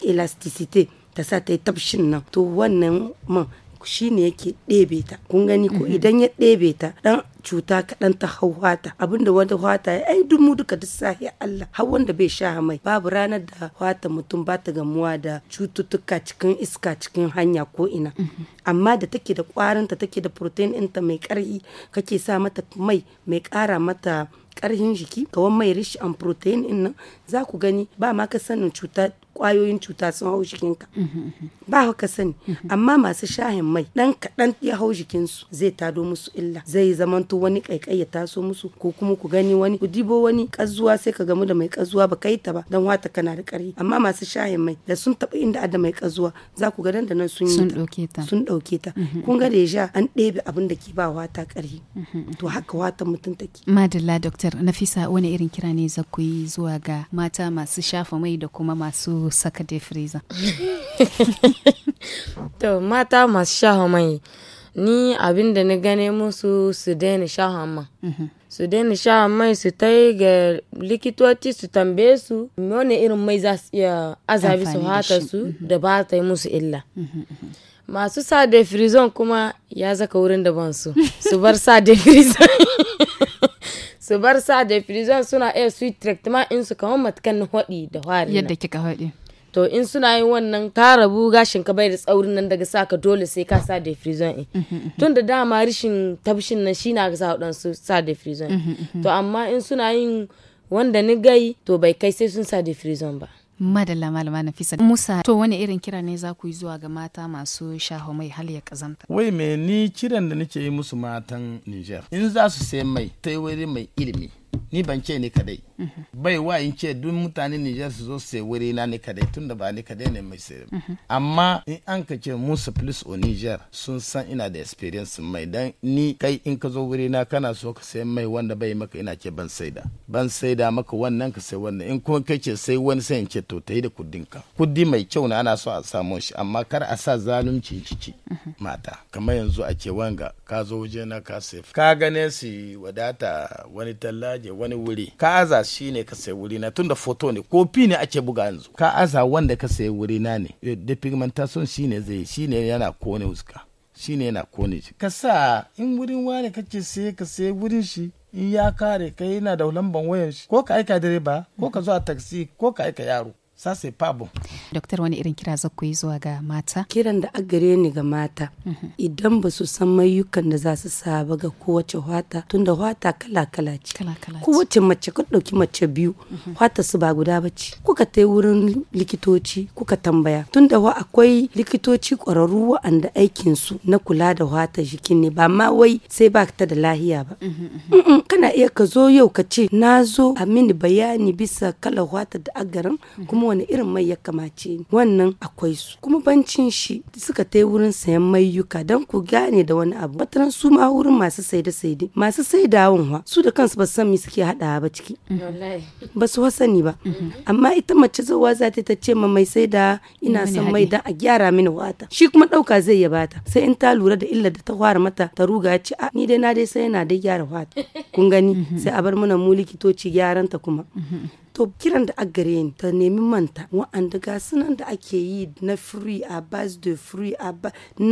elasticity ta sa ta yi tafshin nan to wannan man shi ne yake ɗebe ta kun gani ko mhm. idan ya ɗebe ta dan cuta kaɗan ta hau hata abinda wata hata ya ai duk mu duka duk sahi Allah har wanda bai sha mai babu ranar da hata mutum ba ta gamuwa da cututtuka cikin iska cikin hanya ko ina mhm. amma da take da ta take da protein ɗinta mai ƙarfi kake sa mata mai mai ƙara mata karhin jiki kawai mai rishi an protein in nan za ku gani ba ma ka sanin cuta kwayoyin cuta sun hau jikinka mhm, mhm. ba ka sani mhm. amma masu shahin mai dan kaɗan ya hau jikinsu zai tado musu illa zai zamanto wani kaikai ya taso musu ko kuma ku gani wani ku dibo wani kazuwa sai ka gamu da mai kazuwa ba kai ta ba dan wata kana da ƙarfi amma masu shahin mai da sun taɓa inda da mai kazuwa za ku ga da nan sun yi ta sun ɗauke ta kun ga da deja an ɗebe abin da ke ba wata ƙarfi to haka wata mutum take madalla doctor nafisa wani irin kira ne za yi zuwa ga mata masu shafa mai da kuma masu saka dai freezer to mata masu shahamai mai ni abin da na gane musu su daina sha ma, mhm. su daina sha mai su ta yi ga likitoci su tambe su wani irin mai za su iya azabi su hata su mhm. da ba ta yi musu illa mhm, masu sa da kuma ya zaka wurin da ban su su bar sa da su bar sa da prison suna iya su treatment in su kamar na hodi da hwari yadda kika hodi to in suna yi wannan ka rabu gashin ka bai da tsaurin nan daga sa ka dole sai ka sa da prison in mhm, mhm. tun da dama rishin tabshin nan shi na ga sa wadansu sa da prison mhm, to amma in suna yin wanda ni gai to bai kai sai sun sa da prison ba Madalla malama Nafisa. Musa to wani irin kira ne za ku yi zuwa ga mata masu shaho mai hal ya kazanta? Wai me ni kiran da nake yi musu matan Niger. In za su sai mai, ta wuri mai ilimi. Ni ban ce ni kadai. Mm-hmm. bai wa in ce duk mutane Nijar su zo sai wuri na ne kadai da ba ni kadai ne mai sai mm-hmm. amma in an ka ce Musa Plus o niger sun san ina da experience mai dan ni kai in ka zo wuri na kana so ka sai mai wanda bai maka ina ce ban saida ban saida maka wannan ka sai wannan in kuma kai ce sai wani sai in ce to tai da kudin ka kudi mai kyau na ana so a samu shi amma kar a sa zalunci ciki mm-hmm. mata kamar yanzu a ce wanga ka zo waje na ka sai ka gane su wadata wani tallaje wani wuri ka aza shi ne ka sayi wuri na tunda foto ne kofi ne ake buga yanzu ka aza wanda ka sayi wuri na ne eh, da pigmentation ne zai ne yana kone wuska ne yana kone shi ka sa in wurin wani kake sai ka sayi wurin shi in ya kare kai yana da lamban wayan shi ko ka aika direba ko ka zo a taxi ko ka aika yaro ça c'est pas bon wani irin kira za ku yi zuwa ga mata kiran da a gare ni ga mata mhm. idan ba su san mayukan da za su sa ba ga kowace hwata tunda hwata kala kala ce kowace mace ka ɗauki mace biyu mhm. hwata su ba guda ba ce kuka ta wurin likitoci kuka tambaya tunda wa akwai likitoci kwararru wa'anda aikin su na kula da hwata jikin ne ba ma wai sai ba ta da lahiya ba mhm, kana iya ka zo yau ka ce na zo a mini bayani bisa kala wata da agarin kuma wani irin mai ya kamace ni wannan akwai su kuma bancin shi suka tai wurin sayan mayyuka dan ku gane da wani abu wataran su ma wurin masu saide saide masu saidawan wa su da kansu ba san me suke haɗawa ba ciki mm-hmm. ba su sani ba mm-hmm. amma ita mace zawa za ta ce ma mai saida ina son mai da a gyara mini wata shi kuma ɗauka zai ya bata sai in ta lura da illa da ta fara mata ta ruga ci a ni dai na dai sai yana dai gyara wata kun gani mm-hmm. sai a bar mana mu likitoci gyaran ta kuma to kiran da agare ni ta nemi manta wa'anda ga sunan da ake yi na free a base de free a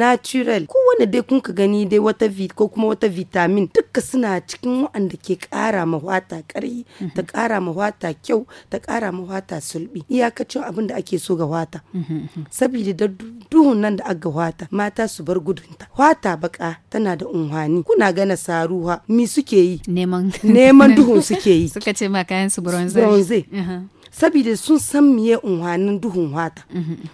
natural wani dai kun ka gani dai wata vit ko kuma wata vitamin duka suna cikin wa'anda ke kara ma wata ƙarfi mhm. ta kara ma wata kyau ta kara ma wata sulbi iyakacin abin da ake so ga wata mhm, mhm, saboda da duhun nan da aga wata mata su bar gudunta wata baka tana da unhwani kuna gana saruwa mi suke yi neman duhun suke yi suka ce ma kayan su bronze Uh uh-huh. Uhum. saboda sun san miye unhwanin duhun wata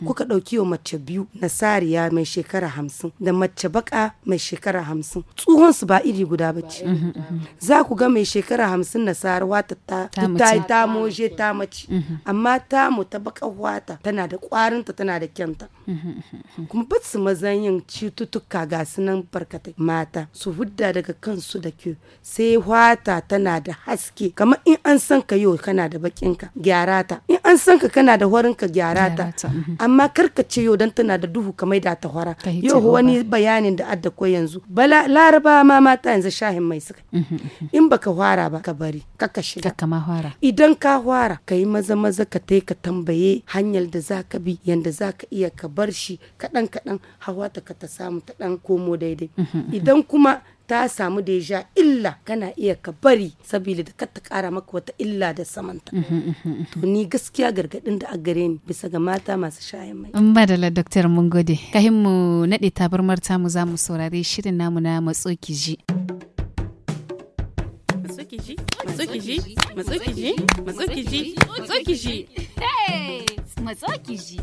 kuka ɗauki wa mace biyu nasariya mai shekara hamsin da mace baka mai shekara hamsin tsohon su ba iri guda ba ce za ku ga mai shekara hamsin nasara wata ta ta moje ta mace amma ta mu ta baka wata tana da kwarinta tana da kyanta kuma ba su mazan yin cututtuka ga sunan nan barkatai mata su hudda daga kansu da ke sai wata tana da haske kamar in an san ka yau kana da bakinka gyara gyara ta in an san ka kana da horin ka gyara ta mhm. amma kar ka ce yau dan tana da duhu kamai da ta hora yau wani bayanin da adda ko yanzu bala laraba ma mata yanzu shahin mai suka mhm, mhm. in baka hwara ba ka bari ka ka shiga ka ma hwara idan ka hwara ka yi maza maza ka tai ka tambaye hanyar da za ka bi yanda za ka iya ka bar shi kaɗan kaɗan hawa ta ka ta samu ta ɗan komo daidai idan kuma ta samu deja illa kana iya ka bari saboda da ta kara maka wata illa da samanta mhm, mhm, mhm, to ni gaskiya gargadin da a gare ni bisa ga mata masu shayan mai in ba da la gode kahin mu nade tabarmar tamu za mu saurari shirin namu na matso kiji matsokiji matsokiji matsokiji matsokiji matsokiji matsokiji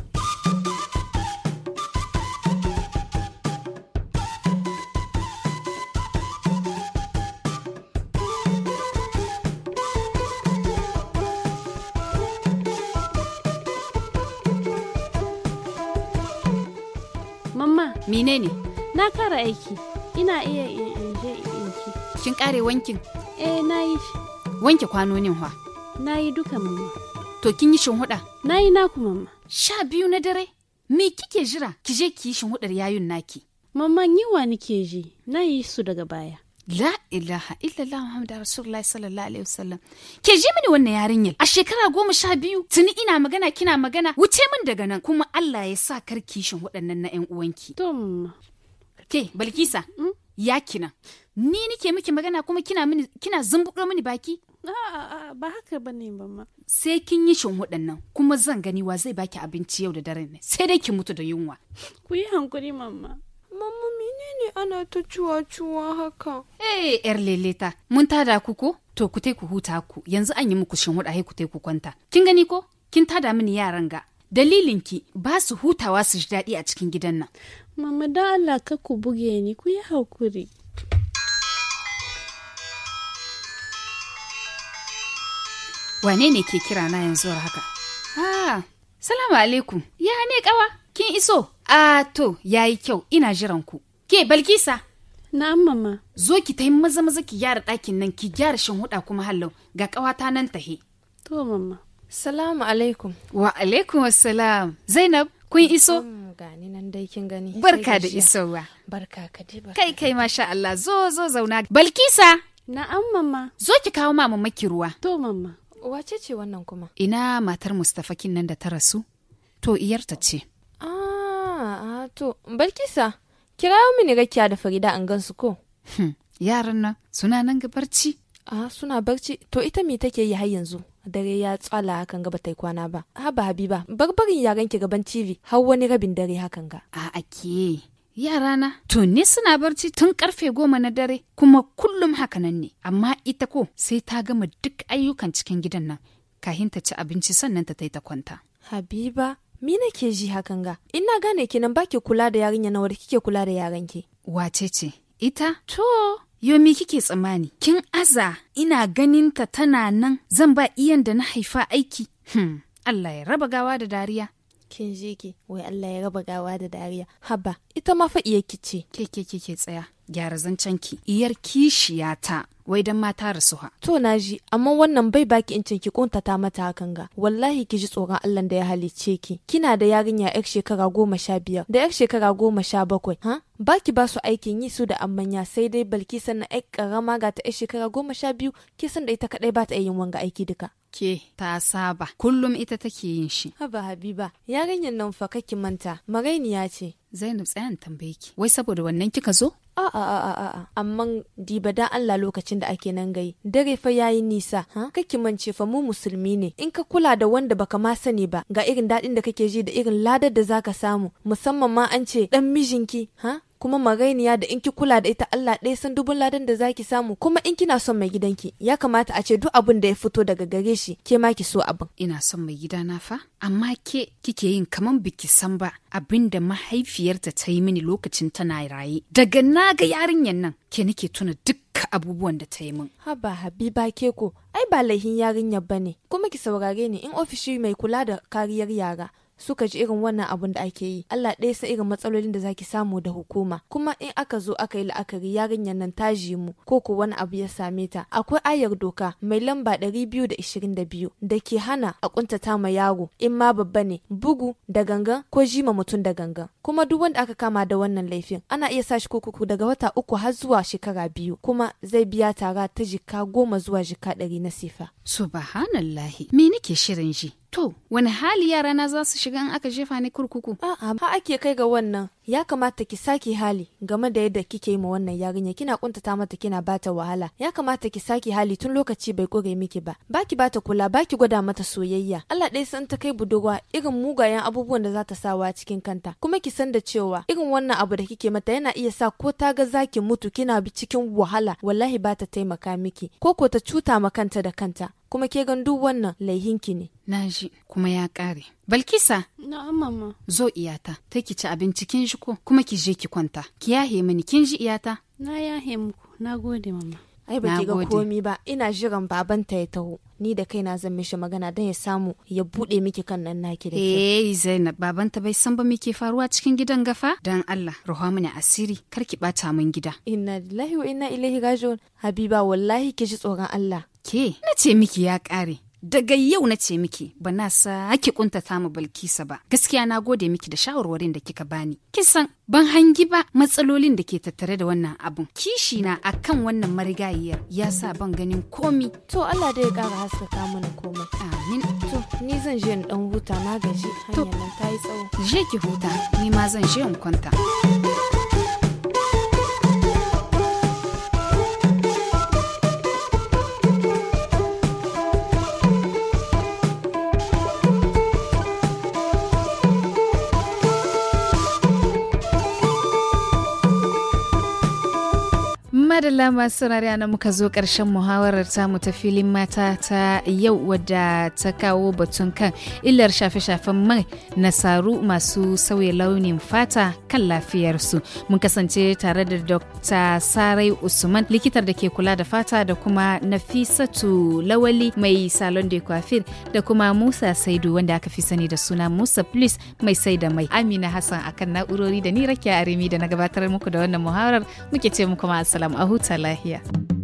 menene na kara aiki ina iya inje je kin kare wankin eh na yi wanke kwanonin hwa na yi duka mamma to kin yi shinhuda na yi naku mamma sha biyu na dare me kike jira ki je ki yi shinhudar yayun naki mamman yiwa nike ji na yi su daga baya La ilaha illallah Muhammadu Rasulullahi sallallahu alaihi wasallam. Ke ji mini wannan yarinyar a shekara goma sha biyu tuni ina magana kina magana wuce min daga nan kuma Allah ya sa kar kishin waɗannan na ƴan uwanki. tum. Mm. Ke Balkisa. Mm? Ya kina. Ni nike miki magana kuma kina mini kina zumbuɗo mini baki. ba haka ba ne ba ma. Sai kin yi shin waɗannan kuma zan gani wa zai baki abinci yau da dare ne sai dai ki mutu da yunwa. Ku yi hankuri mamma. Mamma ana ta cuwa-cuwa haka. Eh, hey, yar leleta, mun tada ku ko? To ku ku huta ku, yanzu an yi muku shinhuɗa hai ku ku kwanta. Kin gani ko? Kin tada mini yaran ga. Dalilinki ba su hutawa su ji daɗi a cikin gidan nan. Mama da Allah ka ku buge ni ku yi hakuri. Wane ne ke kira na yanzu haka? Ah, salamu alaikum. Ya ne kawa? Kin iso? Ah, to, yayi kyau, ina jiran ku. Ke Balkisa. Na'am mama. Zo ki tayi maza maza ki gyara ɗakin nan ki gyara shan huda kuma hallau ga ƙawata nan tahe. To mamma. Salamu alaikum. Wa alaikum assalam. Zainab kun iso? Mm, gani nan dai kin gani. Barka da isowa. Barka ka dai barka. Kai kai masha Allah zo zo zauna. Balkisa. Na'am mama. Zo ki kawo mama maki ruwa. To mamma. Wace ce wannan kuma? Ina matar Mustapha kin nan da ta rasu? To iyarta ce. Ah, ah to Balkisa. Kirayo mini rakiya da Farida an gansu ko? Hmm, yaran nan suna nan ga barci. Ah, suna barci. To ita me take yi har yanzu? Dare ya tsala hakan ga bata kwana ba. Haba Habiba, barbarin yaran ki gaban TV har wani rabin dare hakan ga. A ah, ake. Yarana, to ni suna barci tun karfe goma na dare kuma kullum hakanan ne, amma ita ko sai ta gama duk ayyukan cikin gidan nan kahin ta ci abinci sannan ta ta kwanta. Habiba, mina ke ji hakan ga? ina gane kinan baki kula da yarinya na wadda kike kula da yaranki. Wace ce? Ita? To, yomi kike tsammani? Kin aza ina ganin ta tana nan zan ba iyan da na haifa aiki. Hmm, Allah ya raba gawa da dariya. kin je ki wai Allah ya raba gawa da dariya haba ita ma fa iyarki ce ke ke ke ke tsaya gyara zancen ki iyar kishiyata wai dan mata rasuha to na ji amma wannan bai baki in ki kuntata mata hakan ga wallahi ki ji tsoron Allah da ya halice ki kina da yarinya yar shekara goma sha biyar da yar shekara goma sha bakwai ha baki ba su aikin yi su da amanya sai dai balki sannan yar karama ga ta yar shekara goma sha biyu ki san da ita kadai ba ta yin wanga aiki duka ke ta saba kullum ita take yin shi. Haba Habiba, yarinyar nan fa kake manta, magainiya ce. Zainab tsayan tambaye ki, wai saboda wannan kika zo? a'a a'a a amma diba dan Allah lokacin da ake nan gai dare fa yayi nisa ha kake mance fa mu musulmi ne in ka kula da wanda baka ma sani ba ga irin dadin da kake ji da irin ladar da zaka samu musamman ma an ce dan mijinki ha kuma magainiya da in ki kula da ita Allah ɗaya san dubun ladan da zaki samu kuma in kina son mai gidanki ya kamata a ce duk abin da ya fito daga gare shi ke ma ki so abin ina son mai gida na fa amma ke kike yin kaman biki san ba abin da mahaifiyarta ta yi mini lokacin tana raye daga na ga yarinyar nan ke nake tuna dukkan abubuwan da ta yi min haba habiba ke ko ai ba laihin yarinyar bane kuma ki saurare ni in ofishi mai kula da kariyar yara suka ji irin wannan abun da ake yi Allah ɗaya san irin matsalolin da zaki samu da hukuma kuma in aka zo aka yi la'akari yarinyar nan ta mu ko ko wani abu ya same ta akwai ayar doka mai lamba ɗari biyu da da biyu ke hana a kuntata ma yaro in ma babba ne bugu da gangan ko jima mutum da gangan kuma duk wanda aka kama da wannan laifin ana iya sa shi kurkuku daga wata uku har zuwa shekara biyu kuma zai biya tara ta jika goma zuwa jika ɗari na sifa. Subhanallahi me nake shirin ji To, wani hali yara na za su shiga in aka jefa ni kurkuku? A'a, ha ake kai ga wannan. Ya kamata ki sake hali game da yadda kike yi ma wannan yarinya kina kuntata mata kina bata wahala. Ya kamata ki sake hali tun lokaci bai kore miki ba. Baki bata kula, baki gwada mata soyayya. Allah ɗaya san ta kai budurwa irin mugayen abubuwan da za ta sawa cikin kanta. Kuma ki san da cewa irin wannan abu da kike mata yana iya sa ko ta ga zaki mutu kina bi cikin wahala, wallahi ba ta taimaka miki. Ko ko ta cuta ma kanta da kanta. kuma ke gan duk wannan laihinki ne. Na ji kuma ya kare. Balkisa. Zo iyata, ta ki ci abinci kin shi ko kuma ki je ki kwanta. Ki yahe ni kin ji iyata? Na yahe muku, na gode mama. Ai ba ga komi ba, ina jiran babanta ya taho. Ni da kai na zan mishi magana don ya samu ya buɗe miki kan nan naki da ke. Eh Zainab, babanta bai san ba me ke faruwa cikin gidan gafa? Dan Allah, ruha mini asiri, kar ki ɓata min gida. Inna lillahi wa inna ilaihi raji'un. Habiba wallahi ki ji tsoron Allah. Ke, na ce miki ya ƙare. Daga yau na ce miki, ba na sa ki kuntata mu Balkisa ba. Gaskiya na gode miki da shawarwarin da kika bani. Kin san ban hangi ba matsalolin da ke tattare da wannan abun. Kishi na akan wannan marigayiyar ya sa ban ganin komi. To Allah dai ya ƙara haskaka mana komai. Amin. To ni zan je in dan huta na gaji hanyar nan ta yi tsawo. Je ki huta, ni ma zan je in kwanta. madalla masu saurari nan muka zo ƙarshen muhawarar tamu ta filin mata ta yau wadda ta kawo batun kan illar shafe-shafen mai nasaru masu sauya launin fata kan lafiyarsu mun kasance tare da dr sarai usman likitar da ke kula da fata da kuma nafisatu lawali mai salon de coiffure da kuma musa saidu wanda aka fi sani da suna musa plus mai sai da mai amina hassan akan na'urori da ni rakiya arimi da na gabatar muku da wannan muhawarar muke ce muku ma assalamu Tahu Saleh hier.